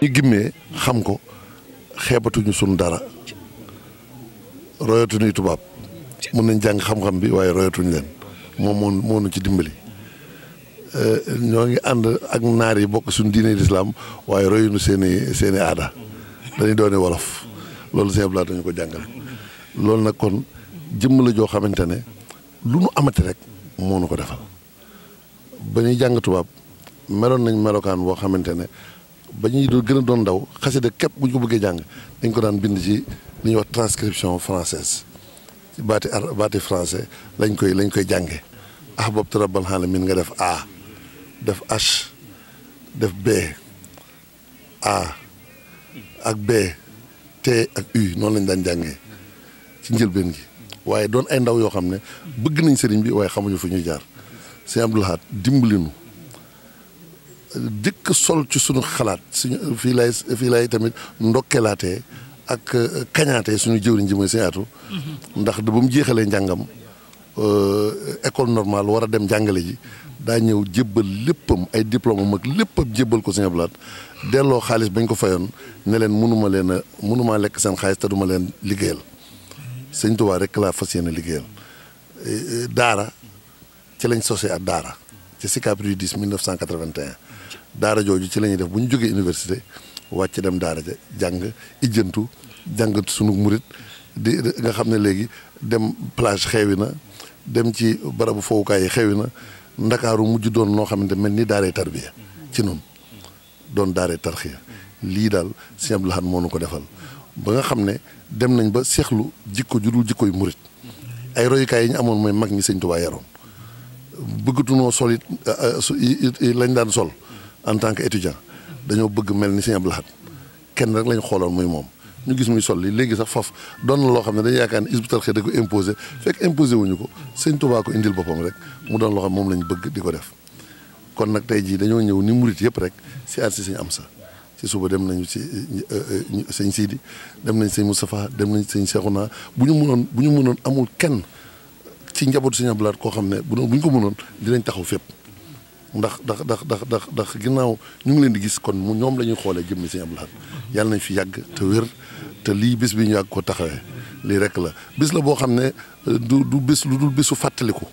ñu gimmee xam ko xeebatuñu suñ dara royatuñuy tubaab mën nañ jàng xam-xam bi waaye royatuñu leen moom moo moo ñu ci dimbali eh, ñoo ngi ànd ak naar yi bokk suñu diine lislaam waaye royuñu seen i seen i aada dañuy doone wolof loolu seen blaa dañu ko jàngal loolu nag kon jëmm la joo xamante ne lu nu amati rek moo ko defal ba ñuy jàng tubaab meloon nañ melokaan boo xamante ne ba ñuy doon gën doon ndaw xasida képp bu ñu ko bëggee jàng dañ ko daan bind ci li ñuy wax transcription française ci baati ar baati français lañ koy lañ koy jànge ah boobu tarabal xaala min nga def A def def B A ak B T ak U noonu lañ daan jànge ci njëlbeen gi waaye doon ay ndaw yoo xam ne bëgg nañ sëriñ bi waaye xamuñu fu ñuy jaar sëñ Abdoul Ahad dimbalinu dikk sol ci suñu xalaat suñu fii lay fii lay tamit ndokkelaatee ak euh, kañaatee suñu jëwriñ ji mooy sëñ mm-hmm. ndax da ba mu jeexalee njàngam euh, école normale war a dem jàngale ji daa ñëw jébbal léppam ay diplôme am ak léppam jébbal ko sëñ Abdou delloo xaalis bañ ko fayoon ne leen mënuma leen a mënumaa lekk seen xaalis te duma leen liggéeyal sëñ Tuubaa rek laa fas yéene liggéeyal euh, daara ci lañ sosé ak daara ci Sicap Rue 10 1981 daara jooju ci lañuy ñuy def bu ñu jógee université wàcc dem daara ja jàng ijantu jàngat sunu murit di nga xam ne léegi dem plage xewi na dem ci barabu fowukaay yi xewi na ndakaaru mujj doon noo xamante mel ni daaree tarbiya ci noonu doon daaree tarxiya lii daal sëñ Abdou Lahad moo nu ko defal ba nga xam ne dem nañ ba seexlu jikko ju dul jikkoy murit ay royukaay yi ñu amoon mooy mag ñi sëñ Tuubaa yaroon bëggatunoo sol it eh, eh, lañ daan sol en tant que étudiant dañoo bëgg mel ni Sëñ Abdou Lahad kenn rek lañu xooloon muy moom ñu gis muy sol li léegi sax faf doon na loo xam ne dañu yaakaar ne Hizbut Tarqiyyah da ko imposé fekk imposé wuñu ko Sëñ Tuubaa ko indil boppam rek mu doon loo xam moom lañ bëgg di ko def kon nag tey jii dañoo ñëw ni murit yëpp rek si aar si Sëñ Amsa ci dem nañu ci eh, eh, sëñ Sidi dem nañ sëñ Moustapha dem nañ sëñ Cheikhouna bu ñu mënoon bu ñu munoon amul kenn ci njaboot Sëñ Abdou koo xam ne bu bu ñu ko mënoon dinañ taxaw fépp ndax ndax ndax ndax ndax ndax ginnaaw ñu ngi leen di gis kon mu ñoom la ñuy xoolee jëmmi sëñ Abdou Lahad yàlla nañ fi yàgg te wér te lii bis bi ñu yàgg ko taxawee lii rek la bis la boo xam ne euh, du du bis dul bisu fàttaliku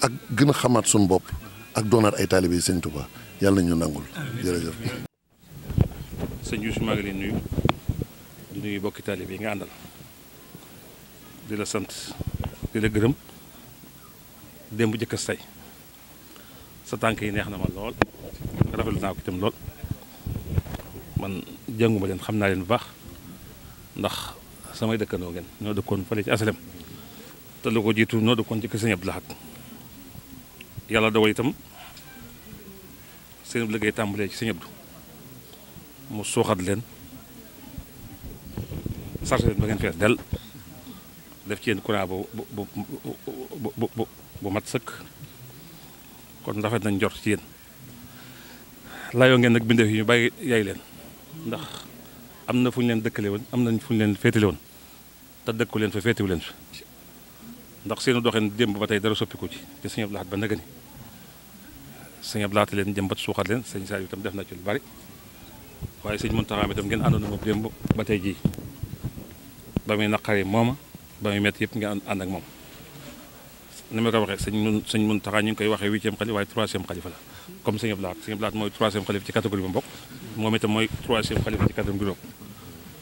ak gën a xamaat suñu bopp ak doonaat ay taalibe yi sëñ Tuubaa yàlla nañ ñu nangul jërëjëf. sëñ maa ngi leen nuyu di nuyu bokki taalibe yi nga àndal di la sant di la gërëm démb jëkkas tey sa tànk yi neex na ma lool rafetlu naa ko itam lool man jànguma leen xam naa leen bu baax ndax samay dëkkandoo ngeen ñoo dëkkoon fële ci asalem te ko jiitu ñoo dëkkoon ci kër Sëñ yàlla dogal itam seen ci Sëñ Abdou mu suuxat leen sarse leen ba ngeen fees del def ci yéen courant bu bu bu bu mat sëkk kon rafet nañ jot ci yéen layoo ngeen nag bindeef yi ñu bàyyi yaay leen ndax am na fu ñu leen dëkkale woon am nañ fu ñu leen féetale woon te dëkku leen fa féetewu leen fi ndax seenu doxin démb ba tey dara soppiku ci ci sëñ Abdou Lahad ba nagani sëñ leen jëmbat suuxat leen sëñ Saliou itam def na ci lu bari waaye sëñ Mountakha itam ngeen àndoon moom démb ba tey jii ba muy naqari mooma ba muy métti yëpp ngeen ànd ak moom ni ma ko waxee sëñ mun sëñ mun taxaa ñu ngi koy waxee huitième xalifa waaye troisième xalifa la comme sëñ Abdou Lahad sëñ Abdou Lahad mooy troisième xalifa ci catégorie bu mbokk moom itam mooy troisième xalifa ci catégorie bu mbokk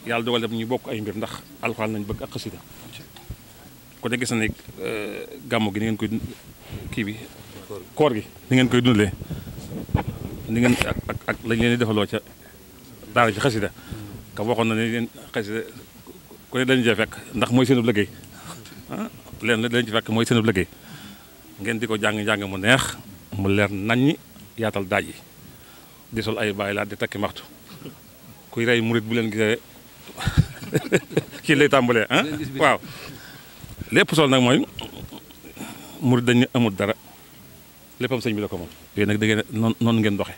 yàlla dogal dem ñu bokk ay mbir ndax alxuraan nañ bëgg ak xasida ko ne gis na ne euh, gàmmu gi ni ngeen koy kii bi koor gi ni ngeen koy dundalee ni ngeen ak ak ak lañ leen di defaloo ca daara ci xasida kam waxoon na ne leen xasida ku ne dañu cee fekk ndax mooy seen liggéey ah, leen dañu ci fekk mooy seen liggéey ngeen di ko jàng jàng mu neex mu leer naññi yaatal daaj yi di sol ay bàyyi laa di takki maxtu kuy rey murit bu leen gisee kii lay tàmbalee ah waaw lépp sol nag mooy murit dañu amut dara léppam sëñ bi la ko moom yooyu nag da ngeen noon noonu ngeen doxe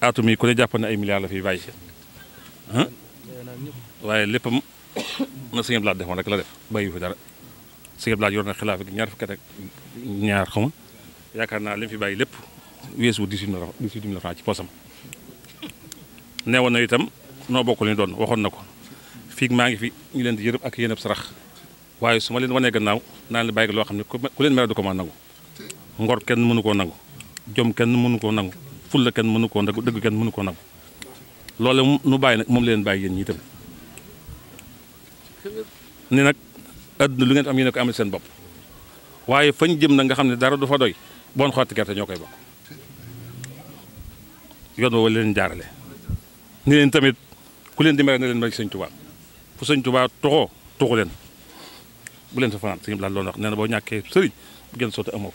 atum yi ku ne jàpp ay milliards la fiy bàyyi ah? waaye léppam na sëñ bi laa defoon rek la def bàyyi fi dara Sëñ Abdoulaye yor na xilaafa gi ñaar fukki at ñaar xaw ma yaakaar naa li fi bàyyi lépp weesu 18 mille francs ci poosam nee woon na itam noo bokk li ñu doon waxoon na ko fii maa ngi fi ñu leen di yërëb ak yéen ab sarax waaye su ma leen wanee naaw naa leen bàyyi loo xam ne ku leen mere du ko maa a nangu ngor kenn mënu koo nangu jom kenn mënu koo nangu fulla kenn mënu koo nangu dëgg kenn mënu koo nangu loolu nu bàyyi nag moom leen bàyyi yéen ñi itam àdduna lu ngeen am yi a ko amal seen bopp waaye fañ jëm na nga xam ne dara du fa doy bon xotti gerte ñoo koy bokk yoon boobu leen jaarale ni leen tamit ku leen di mere na leen ma ci sëñ Tuubaa fu sëñ leen bu leen fa fanaan sëñ bi daal loolu wax na boo ñàkkee sëriñ bu gën sotti ko bu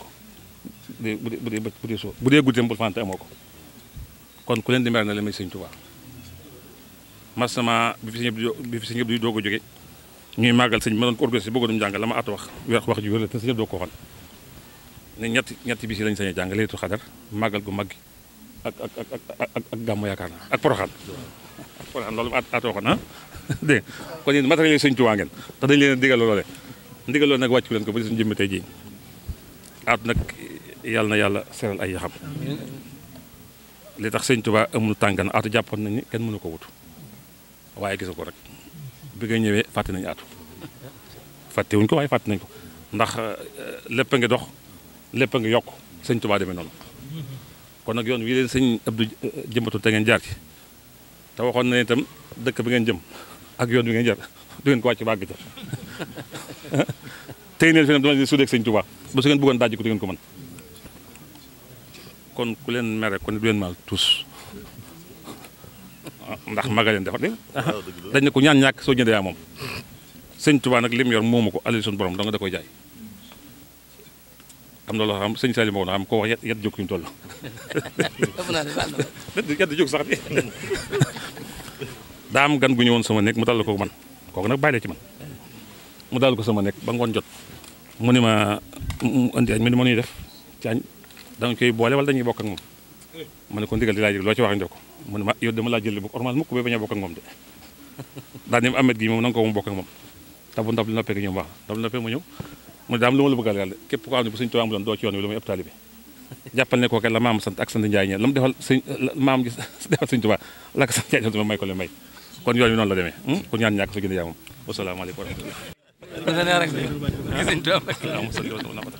dee bu dee bu dee soo bu dee ko kon ku leen di mere na leen ma sëñ Tuubaa mas sama bi fi sëñ bi fi sëñ bi ñuy màggal sëñ ma doon ko organisé bëggoon mu jàngal la ma at wax wax wax ju wér te sëñ doo ko waxoon ne ñetti ñetti bis yi lañ sañ a jàng leetu xadar màggal gu màggi ak ak ak gàmmu yaakaar naa ak poroxaan ak poroxaan loolu at at waxoon ah dégg kon dañ leen digal loole nag wàccu leen ko ba di suñu nag yàlla na yàlla seral ay yaxam li tax sëñ Tuubaa amul tàngan atu jàppoon nañ ni kenn mënu ko wut waaye gis ko rek bi nga ñëwee fàtte nañ aatu fàtte wuñ ko waaye fàtte nañ ko ndax euh, lépp a ngi dox lépp a ngi yokk sëñ Tuubaa demee noonu kon nag yoon wii leen sëñ Abdou euh, jëmbatu te ngeen jaar ci te waxoon na itam dëkk bi ngeen jëm ak yoon bi ngeen jaar du ngeen ko wàcc bàgg ca tey neen fi ne dama leen suudeeg sëñ Tuubaa ba su ngeen bëggoon dajji ko du ngeen ko mën kon ku leen mere kon du leen maal tous ndax magaleen dafa ah. ah, dé dañ ne ko ñaan ñàkk soo jëndee a moom sëñ Tuubaa nag lim yor moomu ko alal suñu borom da nga da koy jaay am na loo xam sëñ moo na xam ko wax yat yat jóg fi mu gan gu ñëwoon sama nekk mu dal ko man kook nag bàyyi la ci man mu dal ko sama nekk ba ngoon jot mu ne ma mu indi añ mu ne ma ñuy def ci añ da koy boole wala dañuy bokk ak ma ne ko ndigal di laa jël loo ci wax njëkk mu ne ma yow dama laa jël bu normal mukk ba bañ a bokk ak moom de daa ne amet gi moom nanga ko moom bokk moom te bu mu ñëw mu ne daam lu ma la bëggal ko xam ne bu sëñ Tuubaa amuloon doo ci yoon wi lu muy ab taalibe jàppal ne kooke la maam sant ak sant Njaay ñe la mu defal sëñ maam la ko sant Njaay defal may ko le may kon yoon wi noonu la demee hmm? kon ñaan ñàkk sa gën a yaa moom wasalaamaaleykum wa rahmatullah